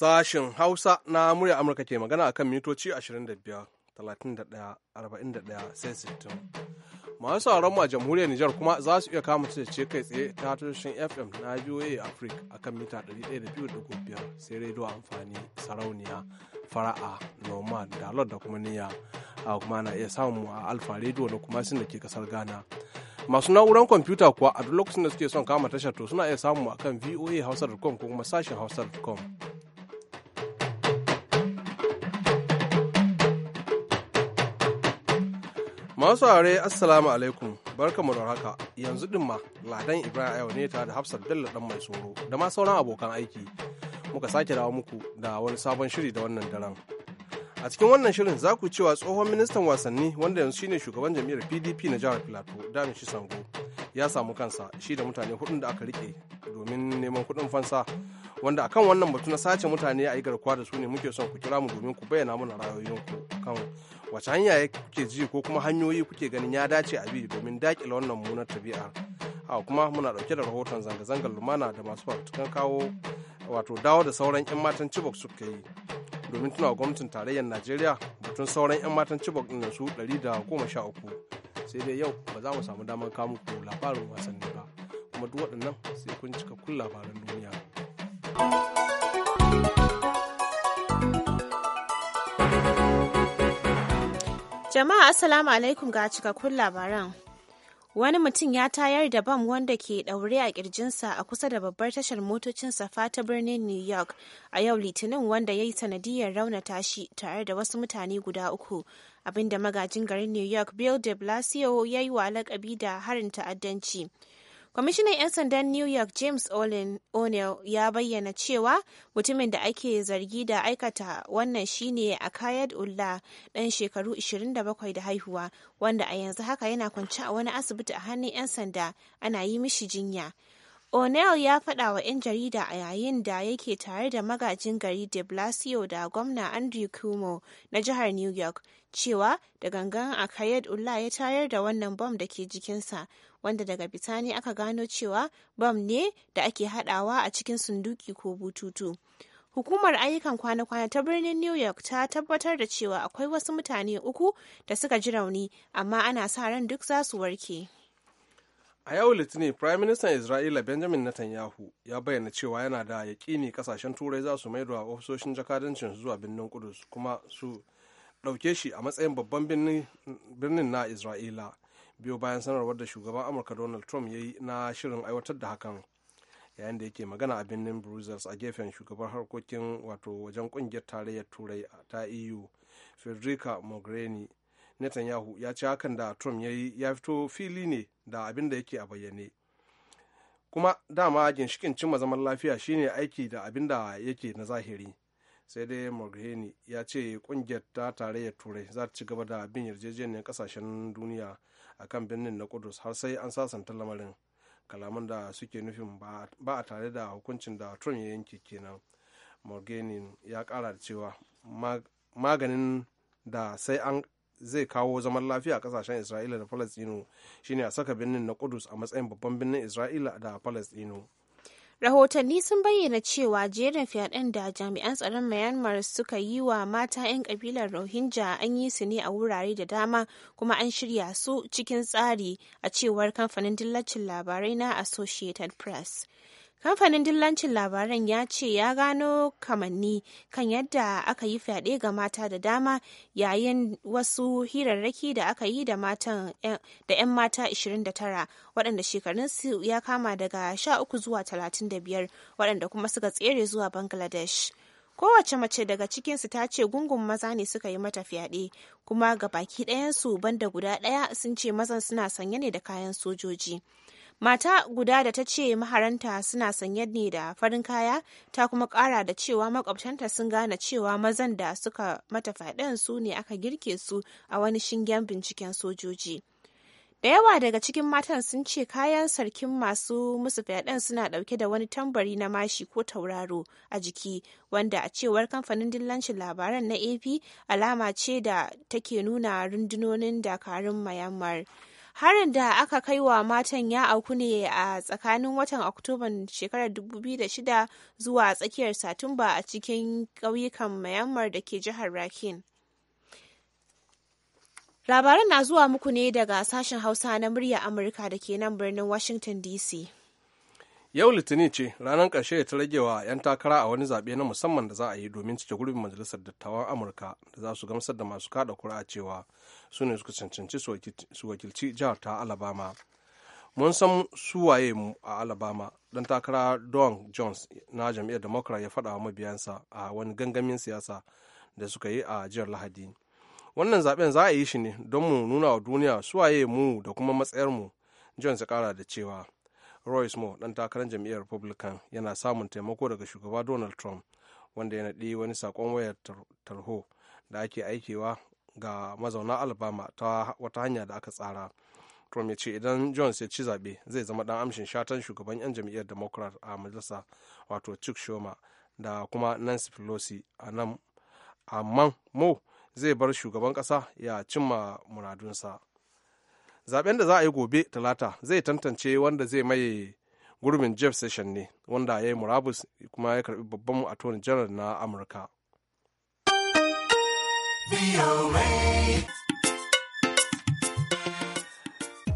Sashen Hausa na murya Amurka ke magana a kan mitoci 25, 31, sai Masu sauran mu a jamhuriyar Nijar kuma za su iya kama su ce kai tsaye ta tushen FM na VOA Africa a kan mita 102.5 sai rediyo amfani sarauniya fara'a noma lord da kuma niyya a kuma na iya samun mu a alfa rediyo da kuma sun da ke kasar Ghana. masu na'urar kwamfuta kuwa a duk lokacin da suke son kama tashar to suna iya samu akan hausa.com ko kuma sashen hausa.com Masu are assalamu alaikum barkamu da haka yanzu din ma ladan Ibrahim Ayo ne tare da Hafsat Bello dan mai tsoro da ma sauran abokan aiki muka sake dawo muku da wani sabon shiri da wannan daren. A cikin wannan shirin za ku cewa tsohon ministan wasanni wanda yanzu shine shugaban jami'ar PDP na jihar Filato Dami Sango ya samu kansa shi da mutane hudun da aka rike domin neman kudin fansa wanda akan wannan batu na sace mutane a yi garkuwa da su ne muke son ku kira mu domin ku bayyana mana rayoyinku. wace hanya kuke ji ko kuma hanyoyi kuke ganin ya dace a bi domin dakile wannan munar tabi'a a kuma muna ɗauke da rahoton zanga-zangar lumana da masu fafutukan kawo wato dawo da sauran 'yan matan cibok suka yi domin tunawa gwamnatin tarayyar najeriya batun sauran 'yan matan chibok ɗin su uku, sai dai yau ba za mu samu damar kamu ku labarin wasanni ba kuma duk waɗannan sai kun cika kun labaran duniya. Jama'a Assalamu alaikum ga cikakkun labaran. Wani mutum ya tayar da bam wanda ke ɗaure a ƙirjinsa a kusa da babbar tashar motocin safa ta birnin New York a yau Litinin wanda ya yi sanadiyar raunata shi tare da wasu mutane guda uku, abinda magajin garin New York Bill de Blasio ya yi wa lakabi da harin ta'addanci. Kwamishinan 'yan sandan New York James O'Neill ya bayyana cewa mutumin da ake zargi da aikata wannan shine a kayad Ulla ɗan shekaru 27 da haihuwa wanda a yanzu haka yana kwance a wani asibiti a hannun 'yan sanda ana yi mishi jinya. O'Neill ya faɗa wa 'yan jarida a yayin da yake tare da magajin gari de Blasio da gwamna Andrew Cuomo na jihar New York cewa da gangan a kayed ulla ya tayar da wannan bom da ke jikinsa, wanda daga bisani aka gano cewa bom ne da ake haɗawa a cikin sunduki ko bututu. Hukumar ayyukan kwana-kwana ta birnin New York ta tabbatar da cewa akwai wasu mutane uku da suka ji rauni, amma ana sa ran duk za su warke. A yau Litinin, Prime Minister Isra'ila Benjamin Netanyahu ya bayyana cewa yana da yaƙini kasashen Turai za su maido a ofisoshin jakadancin zuwa birnin Kudus kuma su ɗauke shi a matsayin babban birnin na Isra'ila. Biyo bayan sanarwar da shugaban Amurka Donald Trump ya yi na shirin aiwatar da hakan. Yayin da yake magana a birnin Brussels a gefen shugaban harkokin wato wajen ƙungiyar tarayyar Turai ta EU, Federica Mogherini. netanyahu ya ce hakan da trump ya ya fito fili ne da abin da yake a bayyane kuma dama ginshikin cimma zaman lafiya shine aiki da abin da yake na zahiri sai dai mogherini ya ce kungiyar ta tarayyar turai za ta ci gaba da bin yarjejeniyar kasashen duniya a kan birnin na kudus har sai an sasanta lamarin kalaman da suke nufin ba a tare da hukuncin da trump ya yanke kenan mogherini ya kara da cewa maganin da sai an zai kawo zaman lafiya a kasashen isra'ila da falastinu shine a saka birnin na kudus a matsayin babban birnin isra'ila da falastinu rahotanni sun bayyana cewa jerin fyaɗen da jami'an tsaron myanmar suka yi wa mata 'yan kabilar rohingya an yi su ne a wurare da dama kuma an shirya su cikin tsari a cewar kamfanin dillacin labarai na associated press Kamfanin dillancin labaran ya ce ya gano kamanni kan yadda aka yi fyaɗe ga mata da dama yayin wasu hirarraki da aka yi da 'yan eh, mata 29 waɗanda shekarunsu ya kama daga 13 zuwa 35 waɗanda kuma suka tsere zuwa Bangladesh. kowace mace daga cikinsu ta ce gungun maza ne suka yi mata fyaɗe kuma ga baki ɗayansu banda guda ɗaya sun ce mazan suna sanye ne da kayan sojoji Mata guda da ta ce maharanta suna sanye ne da farin kaya ta kuma kara da cewa makwabtanta sun gane cewa mazan da suka mata faɗin su ne aka girke su a wani shingen binciken sojoji. da yawa daga cikin matan sun ce kayan sarkin masu musu fyaɗen suna ɗauke da wani tambari na mashi ko tauraro a jiki wanda a cewar kamfanin dillancin labaran na ap alama ce da take nuna rundunonin dakarun mayammar Harin da aka kai wa matan ya auku ne a tsakanin watan Oktoban shekarar 2006 zuwa tsakiyar Satumba a cikin ƙauyukan Myanmar da ke jihar rakin. Labaran na zuwa muku ne daga sashen Hausa na murya Amurka da ke nan birnin Washington DC. yau litinin ce ranar ƙarshe ta rage wa 'yan takara a wani zaɓe na musamman da za a yi domin cike gurbin majalisar dattawan amurka da za su gamsar da masu kada kuri'a cewa su ne suka cancanci su wakilci jihar ta alabama mun san suwaye mu a alabama dan takara don jones na jam'iyyar democrat ya faɗa wa mabiyansa a wani gangamin siyasa da suka yi a jihar lahadi wannan zaɓen za a yi shi ne don mu nuna wa duniya suwaye mu da kuma matsayar mu jones ya kara da cewa royce moore dan takarar jam'iyyar republican yana samun taimako daga shugaba donald trump wanda ya naɗi wani sakon wayar tarho da ake aikewa ga mazauna alabama ta wata hanya da aka tsara trump ya ce idan jones ya ci zaɓe zai zama ɗan amshin shatan shugaban 'yan jam'iyyar democrat a majalisa wato chuck schumer da kuma nancy pelosi a nan amma mo zai bar shugaban ƙasa ya cimma muradunsa zaben da za a yi gobe talata zai tantance wanda zai maye gurbin jeff session ne wanda ya yi murabus kuma ya karbi babban attorney general na amurka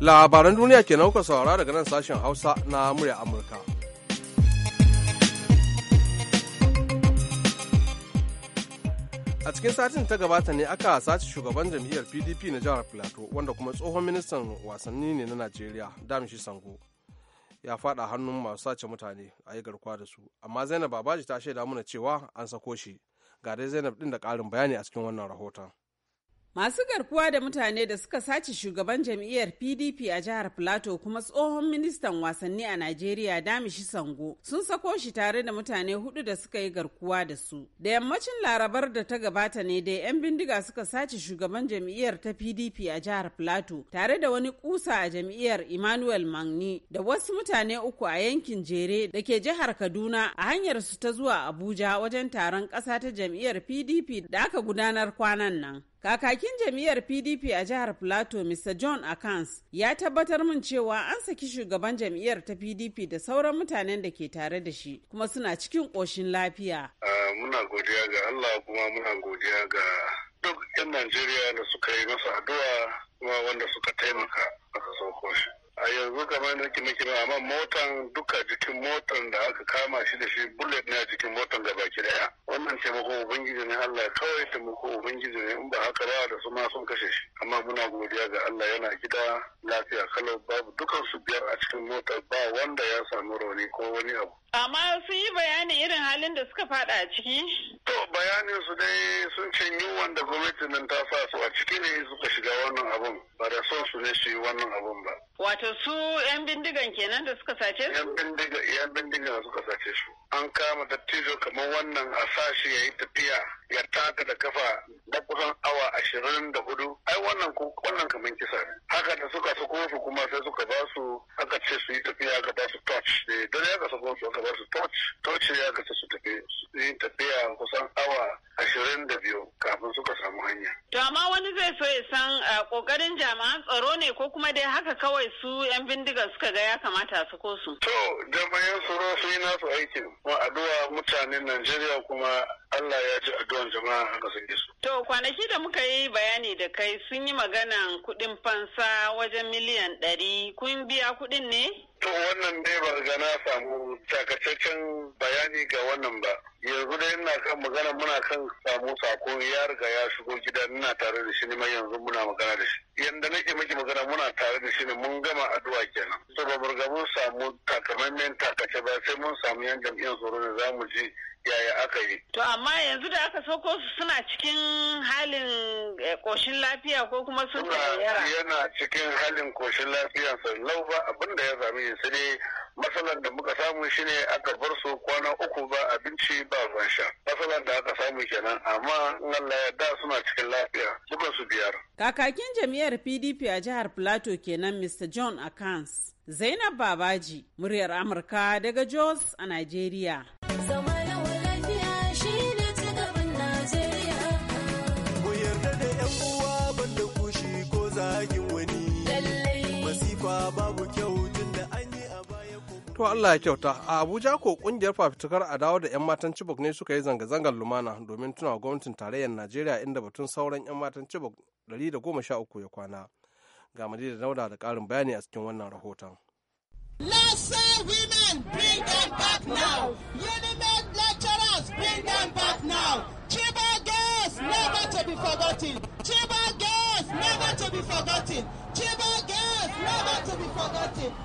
labaran duniya ke kuka saurara daga nan sashen hausa na murya amurka a cikin satin ta gabata ne aka sace shugaban jam'iyyar pdp na jihar plateau wanda kuma tsohon ministan wasanni ne na najeriya damishi sango ya fada hannun masu sace mutane a yi garkuwa da su amma zainab babaji ta shaida mana cewa an sako shi ga dai zainab din da karin bayani a cikin wannan rahoton Masu garkuwa da mutane da suka sace shugaban jam'iyyar PDP a jihar Plateau kuma tsohon ministan wasanni a Najeriya Damishi Sango sun sako shi tare da mutane hudu da suka yi garkuwa da su. Da yammacin larabar da ta gabata ne dai 'yan bindiga suka sace shugaban jam'iyyar ta PDP a jihar Plateau tare da wani kusa a jam'iyyar Emmanuel Magni da wasu mutane uku a yankin Jere da ke jihar Kaduna a hanyar su ta zuwa Abuja wajen taron ƙasa ta jam'iyyar PDP da aka gudanar kwanan nan. Kakakin jam'iyyar PDP a jihar Plateau, Mr. John Akans, ya tabbatar min cewa an saki shugaban jam'iyyar ta PDP da sauran mutanen da ke tare da shi, kuma suna cikin ƙoshin lafiya. Ah, muna godiya ga Allah kuma muna godiya ga duk 'yan Najeriya da suka yi masa addu'a kuma wanda suka taimaka masa sauko a yanzu kamar da ke maki amma motan duka jikin motan da aka kama shi da shi bullet ne a jikin motan gaba ki daya wannan taimako ubangiji ne Allah kawai taimako ubangiji ne in ba haka ba da su ma sun kashe shi amma muna godiya ga Allah yana gida lafiya kalau babu dukan su biyar a cikin motar ba wanda ya samu rauni ko wani abu Amma sun yi bayani irin halin da suka fada a ciki? To bayanin su dai sun ce yunwan da gwamnati nan ta sa su a ciki ne suka shiga wannan abun ba da son su ne su yi wannan abun ba. Wato su 'yan bindigan kenan da suka sace su? 'Yan bindigan suka sace su. An kama dattijo kamar wannan a sashi ya yi tafiya ya taka da kafa na kusan awa ashirin da hudu. Ai wannan wannan kamar kisa ne. Haka da suka su kuma sai suka ba da suka ga ya kamata su ko su. To jama'in tsaro sun yi nasu aikin kuma addu'a mutanen Najeriya kuma Allah ya ji addu'an jama'a haka suke su. To kwanaki da muka yi bayani da kai sun yi maganan kuɗin fansa wajen miliyan ɗari kun biya kuɗin ne? To wannan dai ba ga na samu takataccen bayani ga wannan ba. Yanzu dai ina kan magana muna kan samu sako ya riga ya shigo gida ina tare da shi ne yanzu muna magana da shi. Yanda nake miki magana muna tare da shi ne mun gama addu'a kenan. To ba burga mun samu takamaimen takace ba sai mun samu yan jam'iyyar tsoro ne za mu ji yaya aka yi. To amma yanzu da aka sauko su suna cikin halin koshin eh, lafiya ko kuma sun yara. Yana cikin halin koshin lafiyansa lau ba abinda da ya sami ne sai matsalar da muka samu shine aka bar su kwana uku ba abinci ba ruwan sha matsalar da aka samu kenan amma Allah ya da suna cikin lafiya dukan su biyar kakakin jami'ar PDP a jihar Plateau kenan Mr John Akans Zainab Babaji muryar Amurka daga Jos a Najeriya To Allah ya kyauta. A Abuja ko kungiyar fafitukar adawa da 'yan matan Chibok ne suka yi zanga-zangar lumana domin tuna gwamnatin tarayyar Najeriya inda batun sauran 'yan matan Chibok 113 ya kwana. Ga da Dauda da karin bayani a cikin wannan rahoton. say women, bring back now. never to be forgotten. Chiba girls, never to be forgotten.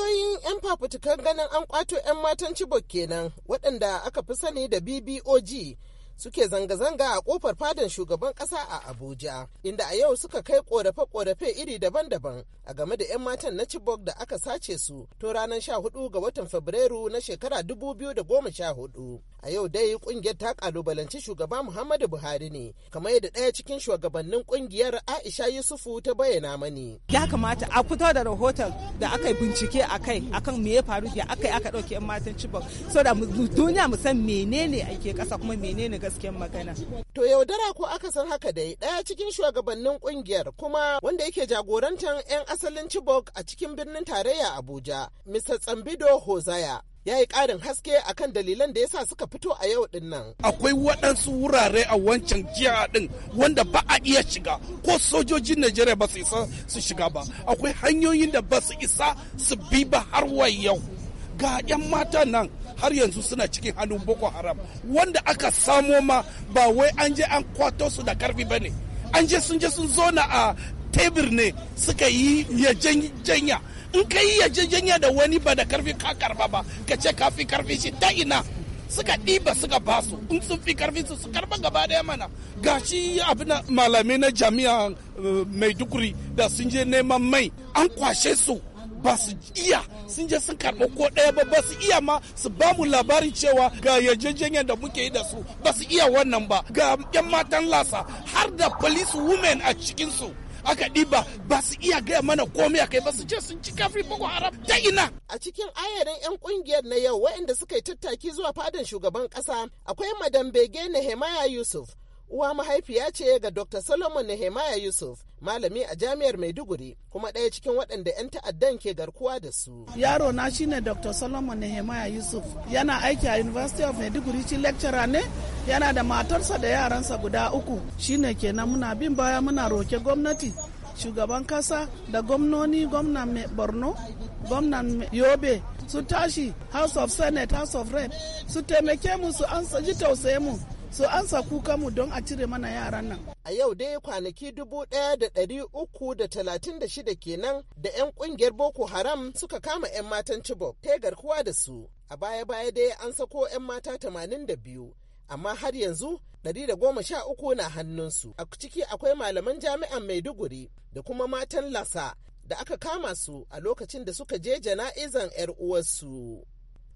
Ƙungiyoyin 'yan fafutukar ganin an kwato 'yan matan Chibok kenan waɗanda aka fi sani da BBOG suke zanga-zanga a kofar fadan shugaban kasa a Abuja, inda a yau suka kai korafe-korafe iri daban-daban a game da 'yan matan na Chibok da aka sace su to ranar 14 ga watan Fabrairu na shekara 2014. A yau dai kungiyar ta kalubalanci shugaba Muhammadu Buhari ne, kamar yadda ɗaya cikin shugabannin kungiyar Aisha Yusufu ta bayyana mani. Ya kamata a fito da rahoton da aka yi bincike a kai akan me ya faru ya aka yi aka ɗauki 'yan matan Chibok, so da duniya mu san menene ake ƙasa kuma menene gasken magana. To yaudara ko aka san haka dai ɗaya cikin shugabannin kungiyar kuma wanda yake jagorantar 'yan asalin Chibok a cikin birnin tarayya Abuja, Mr. Tsambido Hozaya. ya yi ƙarin haske a kan dalilan da ya sa suka fito a yau din nan. Akwai waɗansu wurare a wancan jiha ɗin wanda ba a iya shiga ko sojojin Najeriya ba su isa su shiga ba. Akwai hanyoyin da ba su isa su bi ba har wa yau. ga 'yan mata nan har yanzu suna cikin hannun boko haram wanda aka samo ma ba wai an je an kwato su da karfi ba ne an je sun je sun zona a tebir ne suka yi janya in ka yi janya da wani ba da karfi ka karba ba ka ce ka fi karfi shi ta ina suka ɗiba suka su in sun fi karfi su karba gaba da mana gashi abin malamai na jami'a eh, maiduguri da sun je neman mai an kwashe su ba su iya sun je sun karɓi ko ɗaya ba ba su iya ma su ba mu labarin cewa ga yarjejeniyar da muke yi da su ba su iya wannan ba ga 'yan matan lasa har da police women a cikinsu aka ɗiba ba su iya gaya mana komai a kai ba su ce sun ci kafin boko haram ta ina. A cikin ayarin 'yan kungiyar na yau waɗanda suka yi tattaki zuwa fadan shugaban ƙasa akwai madam bege Nehemiah Yusuf. Uwa mahaifiya ce ga Dr. Solomon Nehemiah Yusuf malami a jami'ar Maiduguri kuma ɗaya cikin waɗanda 'yan ta'addan ke garkuwa da su. Yaro na shine Dr. Solomon Nehemiah Yusuf yana aiki a University of Maiduguri shi lecturer ne yana da matarsa da yaransa guda uku shine kenan muna bin baya muna roke gwamnati shugaban kasa da gwamnoni gwamnan borno gwamnan yobe su tashi house of senate house of rep su taimake mu su an ji tausaye mu so an sa kuka mu don a cire mana yaran nan. A yau dai kwanaki dubu ɗaya da ɗari uku da talatin da shida kenan da 'yan ƙungiyar Boko Haram suka kama 'yan matan Chibok ta garkuwa da su. A baya-baya dai an sako 'yan mata tamanin da biyu. Amma har yanzu ɗari da goma sha uku na hannunsu. A ciki akwai malaman jami'an Maiduguri da kuma matan Lasa da aka kama su a lokacin da suka je jana'izan 'yar uwarsu.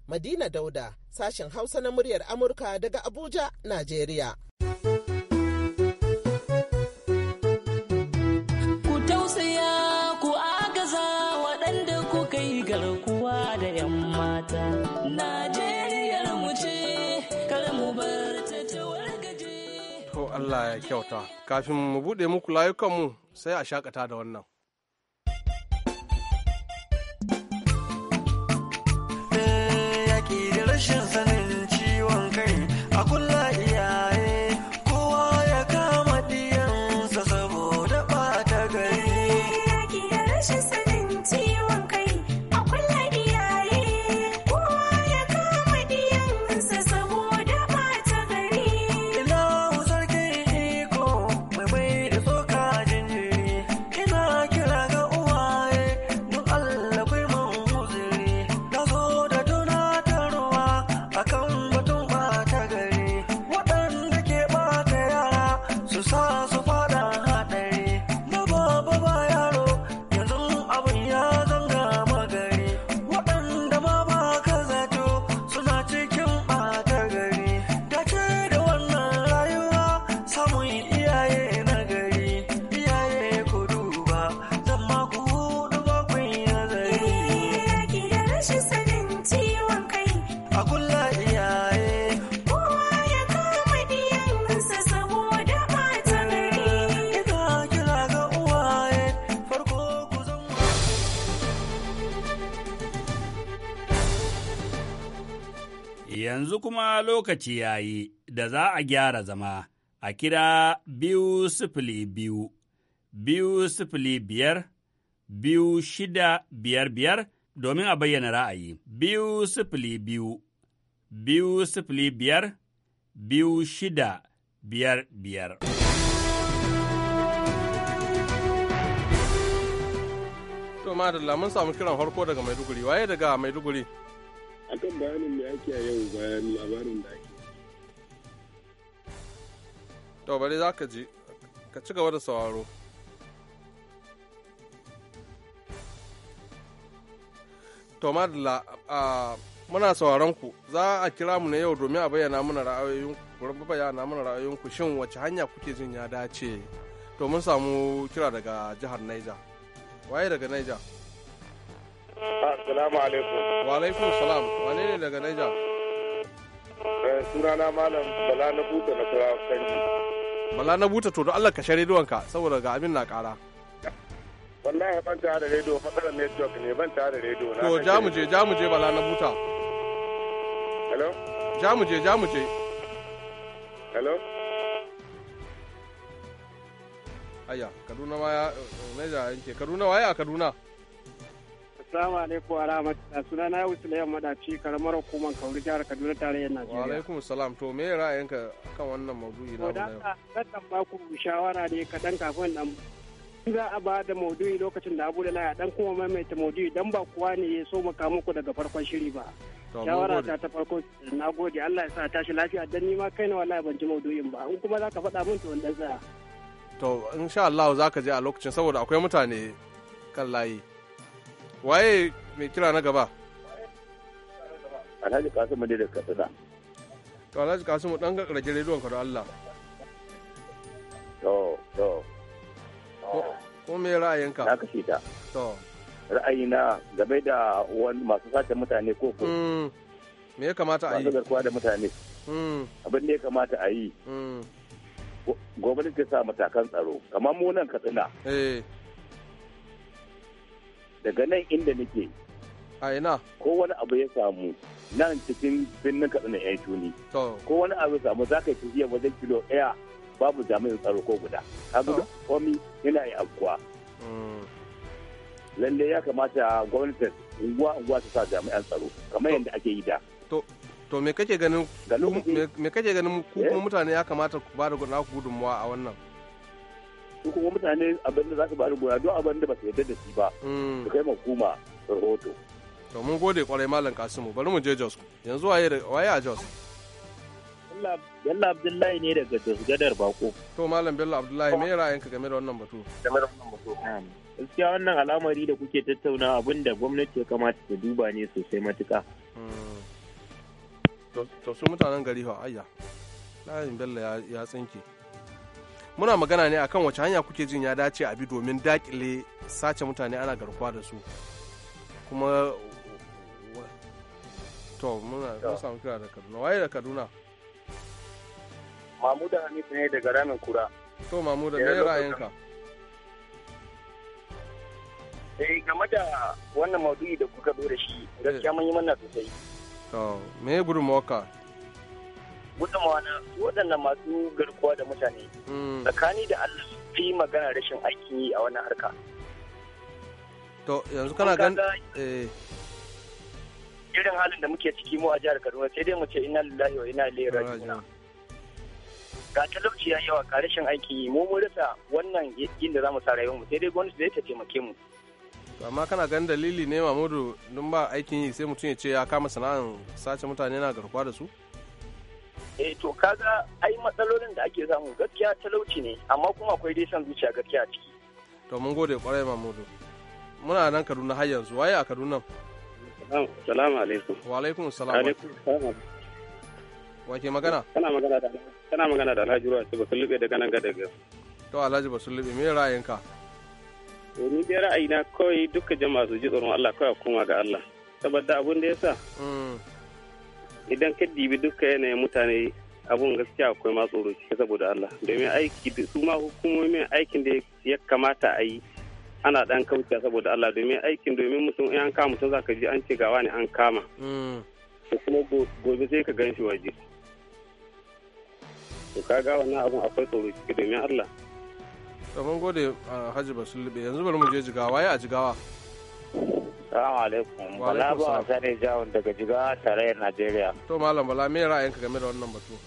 Madina Dauda, sashen Hausa na muryar Amurka daga Abuja, Najeriya. Ku tausaya ku agaza waɗanda kuka yi garkuwa da 'yan mata. Najeriyar mu ce, kar mu bar ta gaje. To Allah ya kyauta, kafin mu buɗe muku layukanmu sai a shakata da wannan. yanzu kuma lokaci ya yi da za a gyara zama a kira biyu sifili biyu, biyu sifili biyar, biyu shida biyar biyar domin a bayyana ra'ayi, biyu sifili biyu, biyu sifili biyar, biyu shida biyar biyar. To, da mun samu kiran farko daga Maiduguri, waye daga Maiduguri? akan bayanin da ake a yau bayan labarin da ake to bari za ka ji ka ci gaba da sauraro to madalla muna sauraron ku za a kira mu na yau domin a bayyana mana ra'ayoyinku ku bayyana mana ra'ayoyinku shin wace hanya kuke jin ya dace to mun samu kira daga jihar Niger waye daga Niger Assalamu alaikum. Wa alaikum salam. Wane ne daga Naija. Eh, sunana Malam Bala na Buta na Kanji. Bala na Buta to don Allah ka share rediyonka saboda ga abin na ƙara. Wallahi ban tare da rediyo matsalar network ne ban tare da rediyo. To ja mu je ja mu je Bala na Buta. Hello? Ja mu je ja mu je. Hello? Aya, Kaduna ma ya Naija yanke. Kaduna waye a Kaduna? Assalamu alaikum wa rahmatullah. Suna na Yusuf Layan Madaci, karamar hukumar Kauri jihar Kaduna tarayyar Najeriya. Wa alaikum salam. To me ra'ayinka kan wannan maudu'i na yau? Ko da ba ku shawara ne kadan kafin nan za a ba da maudu'i lokacin da abu da laya dan kuma maimaita maudu'i dan ba kuwa ne ya so maka muku daga farkon shiri ba. Shawara ta ta farko na gode Allah ya sa tashi lafiya dan ni ma kaina wallahi ban ji maudu'in ba. In kuma za ka faɗa min to wanda za. tsaya. To insha Allah za ka je a lokacin saboda akwai mutane kan layi. waye mai kira na gaba alhaji kasimu ne da katsina to alhaji kasimu dan rage rediyon ka da allah to to ko me ra'ayinka na kashe ta to ra'ayina game da wani masu sace mutane ko ko hmm. me ya kamata a yi masu garkuwa da mutane hmm. abin da ya kamata a yi hmm. gwamnati ta sa matakan tsaro kamar munan nan katsina eh. daga nan inda nake a ina ko wani abu ya samu nan cikin birnin na ya tuni ko wani abu ya samu za ka yi tafiya wajen kilo ɗaya babu jami'in tsaro ko guda kaga duk komi yana yi afkuwa hmm. lalle ya kamata gwamnatin unguwa unguwa ta sa jami'an tsaro kamar yadda ake yi da to me kake ganin me kake ganin ku kuma eh? mutane ya kamata ku ba da gudunmawa a wannan su kuma mutane abin da za su bari da goya don abin da ba su yarda da shi ba mm. su kai hukuma rahoto. to mun gode kwarai malam kasimu bari mu je jos yanzu waye a jos. Bello Abdullahi ne daga Jos Gadar Bako. To Malam Bello Abdullahi me ka game da wannan batu? Game da wannan batu. Gaskiya wannan al'amari da kuke tattauna abin da gwamnati ya kamata ta duba ne sosai matuka. Mm. To su mutanen gari fa ayya. Layin Bello ya tsinke. muna magana ne akan wace hanya kuke jin ya dace a bi domin dakile sace mutane ana garkuwa da su kuma to muna mun samu kira da kaduna waye da kaduna mamuda hamisu ne daga ramin kura to mamuda eh, me ra'ayinka eh game da wannan maudu'i da kuka zo da shi gaskiya eh. mun yi manna sosai to me gudunmawarka gudunmawa na waɗannan masu garkuwa da mutane hmm. tsakani da allah fi magana rashin aikin yi a wannan harka to yanzu kana gan eh. irin halin da muke ciki mu a jihar kaduna sai dai mu ce inna lillahi wa inna ilaihi raji'un ga talauci ya yawa ga rashin aiki yi mu mu rasa wannan yin da zamu sa rayuwar mu sai dai gwamnati zai ta taimake mu amma kana ganin dalili ne mamudu dun ba aikin yi sai mutum ya ce ya kama sana'an sace mutane na garkuwa da su eh to kaga ai matsalolin da ake samu gaskiya talauci ne amma kuma akwai dai san zuciya gaskiya a ciki to mun gode kwarai mamudu muna nan kaduna har yanzu waye a kaduna salamu alaikum wa alaikum salam wa ke magana kana magana da kana magana da alhaji ruwa ce basu lube daga nan ga daga to alhaji basu lube me ra'ayinka ni dai ra'ayina kawai duka jama'a su ji tsoron Allah kawai kuma ga Allah saboda abun da yasa mm. idan ka dibi duka yanayin mutane abun gaskiya akwai ma tsoro ciki saboda Allah domin aiki su ma hukumomin aikin da ya kamata a yi ana dan kauce saboda Allah domin aikin domin mutum in an kama mutum zaka ji an ce ga wani an kama mm. to kuma gobe sai ka gan shi waje to kaga wannan abun akwai tsoro ciki domin Allah to mun gode Hajji Basulube yanzu bari mu je jigawa ya a jigawa Salamu alaikum. Bala ba wasa ne jawon daga jiga tarayyar Najeriya. To Malam Bala me ra'ayinka game da wannan batu?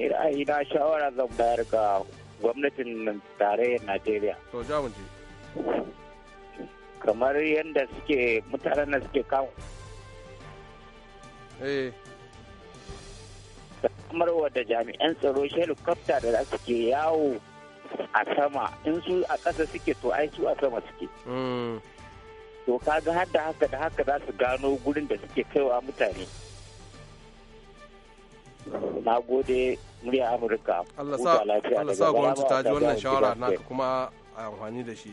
Ni ra'ayi na shawara zan bayar ga gwamnatin tarayyar Najeriya. To jawon ji. Kamar yadda suke mutanen da suke kawo. Eh. Samarwa da jami'an tsaro helicopter da suke yawo a sama in su a ƙasa suke to ai su a sama suke. Mm. to kaga har da haka da haka za su gano gurin da suke kaiwa mutane na gode murya amurka Allah sa gwamnati ta ji wannan shawara naka kuma a amfani da shi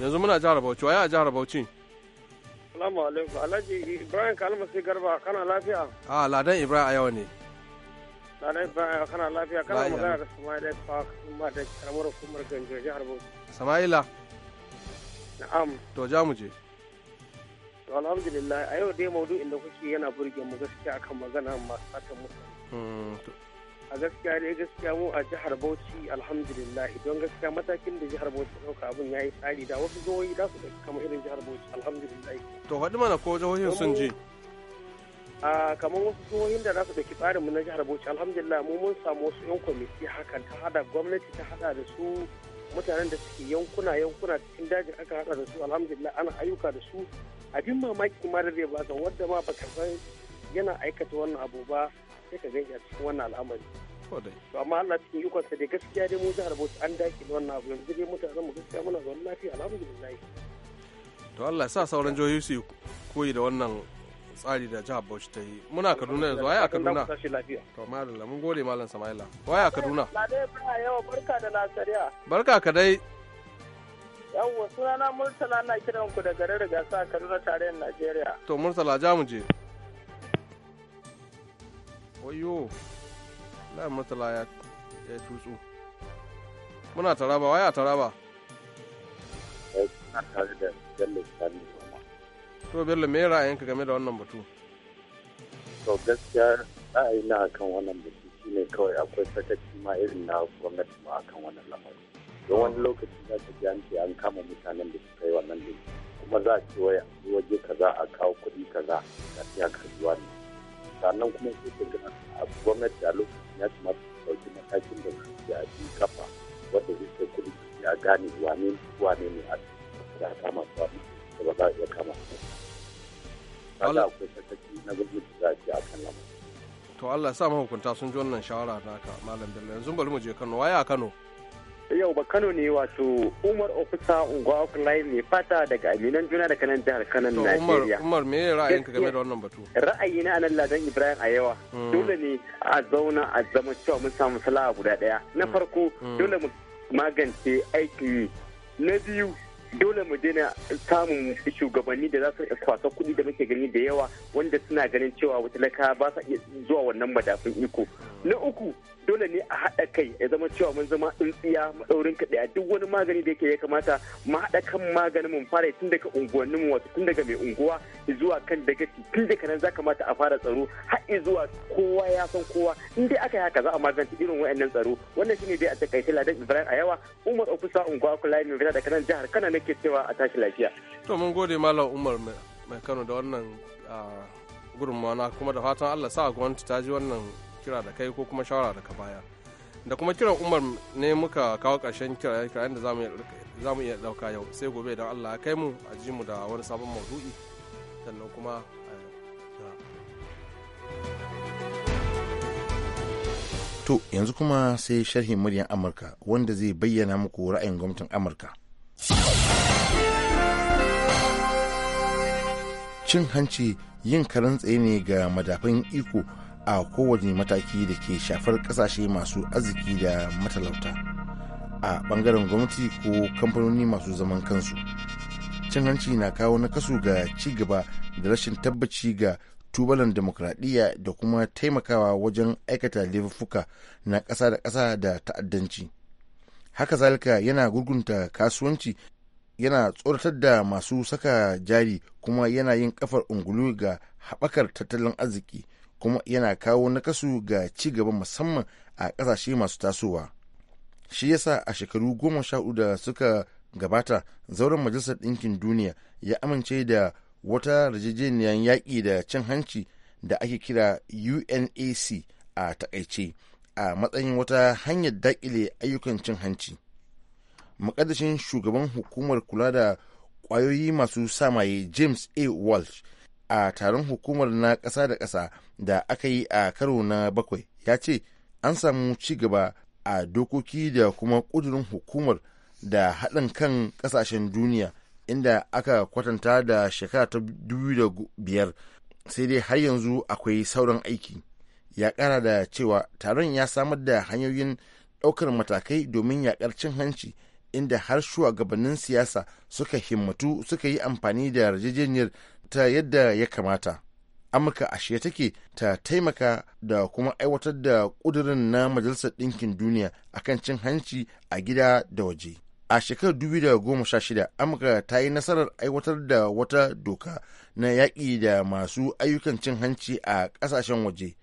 yanzu muna jihar bauchi waye a jihar bauchi Salamu alaikum Alhaji Ibrahim Kalma sai garba kana lafiya a ladan Ibrahim a yau ne ladan Ibrahim kana lafiya kana magana da Samaila Park kuma da karamar hukumar Ganjo jihar Samaila Na'am. To ja mu je. To alhamdulillah a yau dai maudu'in da kuke yana burge mu gaskiya akan magana masu sakan mu. Hmm, a gaskiya dai gaskiya mu a jihar Bauchi alhamdulillah don gaskiya matakin da jihar Bauchi ɗauka abin ya yi tsari da wasu jihohi za su ɗauki kamar irin jihar Bauchi alhamdulillah. To faɗi mana ko jihohin sun je. a kamar wasu jihohin da za su daki tsarinmu na jihar bauchi alhamdulillah mu mun samu wasu yan kwamiti hakan ta hada gwamnati ta hada da su mutanen da suke yankuna yankuna cikin dajin aka hada da su alhamdulillah ana ayyuka da su abin mamaki ma da zai baka wanda ma baka san yana aikata wannan abu ba sai ka gani a cikin wannan al'amari to amma Allah cikin sa da gaskiya dai mu jihar Bauchi an daki wannan abu yanzu dai mutanen mu gaskiya muna zaune lafiya alhamdulillah to Allah sa sauran jihohi su koyi da wannan tsari da jihar Bauchi ta yi muna Kaduna yanzu waye a Kaduna to malalla mun gode malam Samaila waye a Kaduna barka da lasariya barka ka dai yawwa sunana Murtala na kiran ku da garin Rigasa Kaduna tarayyar Najeriya to Murtala ja mu je wayo lai Murtala ya ya tutsu muna taraba waye a taraba eh ina tare da Jallo Sani to bello me ra'ayinka game da wannan batu to gaskiya ra'ayi na akan wannan batu shine kawai akwai sakaci ma irin na gwamnati ma akan wannan lamari don wani lokaci za ka ji an ce an kama mutanen da suka yi wannan laifi kuma za a ce wai waje kaza a kawo kuɗi kaza a iya karɓuwa ne sannan kuma su ka gina a gwamnati a lokacin ya kamata su ɗauki matakin da su a cikin kafa wanda zai kai kuɗi ya gane wane ne a kama su su ba za a iya kama su Allah akwai sakaki na gwamnati za a kan akan lamarin to Allah sa mahukunta sun ji wannan shawara naka malam Bello yanzu bari mu je Kano waye a Kano yau ba Kano ne wato Umar Ofisa Ungwa Okulai mai fata daga Aminan Juna da kanan jihar na Najeriya. Umar me ra'ayinka game da wannan batu? Ra'ayi na anan Ladan Ibrahim a yawa. Hmm. Dole ne a zauna a zama cewa mun samu sala'a guda ɗaya. Na hmm. farko hmm. dole mu magance aikin Na biyu dole mu daina samun shugabanni da za su kwasa kuɗi da muke gani da yawa wanda suna ganin cewa wata laka ba sa iya zuwa wannan madafin iko na uku dole ne a haɗa kai ya zama cewa mun zama tsintsiya maɗaurin ka a duk wani magani da yake ya kamata mu haɗa kan maganin mun fara tun daga unguwanni mu wato tun daga mai unguwa zuwa kan dagaci tun daga nan za kamata a fara tsaro har zuwa kowa ya san kowa in dai aka yi haka za a magance irin wa'annan tsaro wannan shine dai a takaice ladan Ibrahim a yawa Umar Ofisa unguwa kula mai da da kan jihar Kano ke cewa a tashi lafiya to mun gode malam Umar mai Kano da wannan ah, na kuma da fatan Allah sa gwamnati ta ji wannan kira da kai ko kuma shawara daga baya da kuma kiran umar ne muka kawo ƙarshen kirayen da za mu iya ɗauka yau sai gobe don allah ya kai mu a ji mu da wani sabon maudu'i sannan kuma to yanzu kuma sai sharhin muryar amurka wanda zai bayyana muku ra'ayin gwamnatin amurka cin hanci yin tsaye ne ga madafin iko a kowane mataki da ke shafar kasashe masu arziki da matalauta a bangaren gwamnati ko kamfanoni masu zaman kansu cin hanci na kawo nakasu ga ci gaba da rashin tabbaci ga tubalan demokradiyya da kuma taimakawa wajen aikata laifuffuka na ƙasa da ƙasa da ta'addanci haka zalika yana gurgunta kasuwanci yana tsoratar da masu saka jari kuma yana yin kafar ungulu ga haɓakar tattalin arziki kuma yana kawo nakasu ga ci gaba musamman a ƙasashe masu tasowa shi yasa a shekaru goma sha da suka gabata zauren majalisar ɗinkin duniya ya amince da wata rajajeniyar yaƙi da cin hanci da ake kira unac a takaice a matsayin wata hanyar daƙile ayyukan cin hanci muƙaddashin shugaban hukumar kula da ƙwayoyi masu samaye james a walsh a taron hukumar na ƙasa da ƙasa da aka yi a karo na bakwai ya ce an samu ci gaba a dokoki da kuma ƙudurin hukumar da haɗin kan ƙasashen duniya inda aka kwatanta da shekara ta biyar sai dai har yanzu akwai sauran aiki ya ƙara da cewa taron ya samar da hanyoyin ɗaukar matakai domin yaƙar cin hanci inda har shugabannin siyasa suka himmatu suka yi amfani da yarjejeniyar ta yadda ya kamata amurka ashe take ta taimaka da kuma aiwatar da ƙudurin na majalisar ɗinkin duniya akan cin hanci a gida da waje a shekarar shida amurka ta yi nasarar aiwatar da wata doka na yaƙi da masu ayyukan cin hanci a ƙasashen waje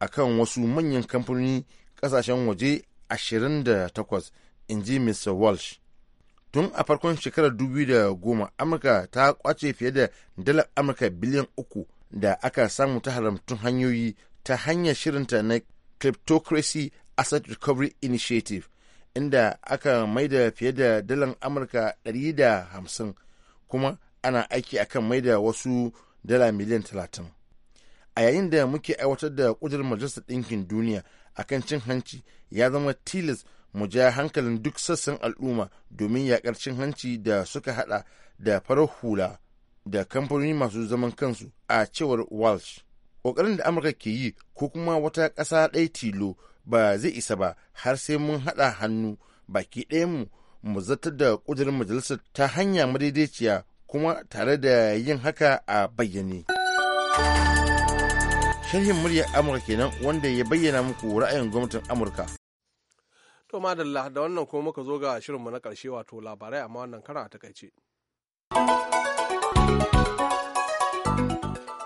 akan wasu manyan kamfanoni ƙasashen waje ashirin 28 in ji mr walsh tun a farkon shekarar 2010 amurka ta kwace fiye da dalar amurka biliyan uku da aka samu ta haramtun hanyoyi ta hanyar shirinta na cryptocracy asset recovery initiative inda aka maida fiye da dalar amurka 150 kuma ana aiki akan maida wasu dala miliyan 30 a yayin da muke aiwatar da kudurin majalisar ɗinkin duniya akan cin hanci ya zama tilas mu ja hankalin duk sassan al'umma domin yakar cin hanci da suka hada da farar hula da kamfanoni masu zaman kansu a cewar walsh ƙoƙarin da amurka ke yi ko kuma wata ƙasa ɗaya tilo ba zai isa ba har sai mun haɗa hannu baki ɗayanmu mu zartar da ƙudurin majalisar ta hanya madaidaiciya kuma tare da yin haka a bayyane. sharhin murya amurka kenan wanda ya bayyana muku ra'ayin gwamnatin amurka To madalla da wannan kuma muka zo ga shirinmu na karshe wato labarai amma wannan kara a takaice.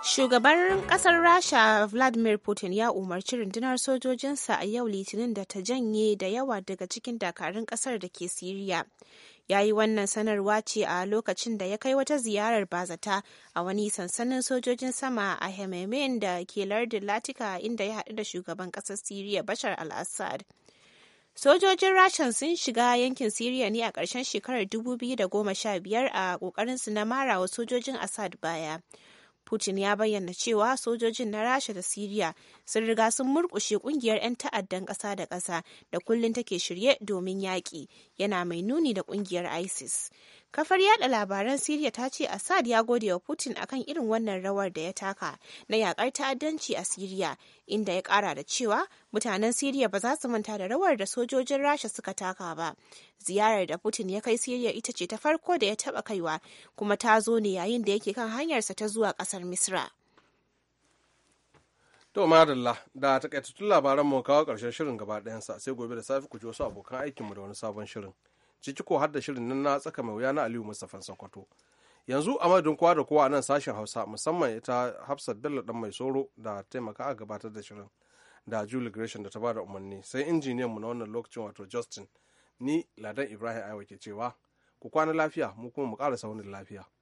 Shugaban ƙasar Rasha Vladimir Putin ya umarci rundunar sojojinsa a yau Litinin da ta janye da yawa daga cikin dakarun ƙasar da ke Siriya. Ya yi wannan sanarwa ce a lokacin da ya kai wata ziyarar bazata a wani sansanin sojojin sama a Hememen da ke lardin Latika inda ya haɗu da shugaban ƙasar Siriya Bashar al-Assad. Sojojin Rashan sun shiga yankin Siriya ne a ƙarshen shekarar 2015 a su na mara wa sojojin Assad baya. Putin ya bayyana cewa sojojin na Rasha da Siriya sun riga sun murƙushe ƙungiyar 'yan ta'addan ƙasa da ƙasa da kullum take shirye domin yaƙi, yana mai nuni da ƙungiyar ISIS. Kafar yada labaran Siriya ta ce Assad ya gode wa Putin akan irin wannan rawar da ya taka na yakar ta'addanci a Siriya, inda ya kara da cewa mutanen Siriya ba za su manta da rawar da sojojin Rasha suka taka ba. Ziyarar da Putin ya kai Siriya ita ce ta farko da ya taba kaiwa, kuma ta zo ne yayin da yake kan hanyarsa ta zuwa kasar Misra. To madalla da takaitattun labaran mu kawo karshen shirin gaba sa sai gobe da safe ku ji wasu abokan aikinmu da wani sabon shirin. ciki ko har da shirin nan na tsaka mai wuya na aliyu mustapha sokoto yanzu a madadin kowa da kowa a nan sashen hausa musamman ita hafsat bello dan mai soro da taimaka a gabatar da shirin da julie gresham da ta bada umarni sai injiniyan mu na wannan lokacin wato justin ni ladan ibrahim aiwa ke cewa ku kwana lafiya mu kuma mu ƙara saunin lafiya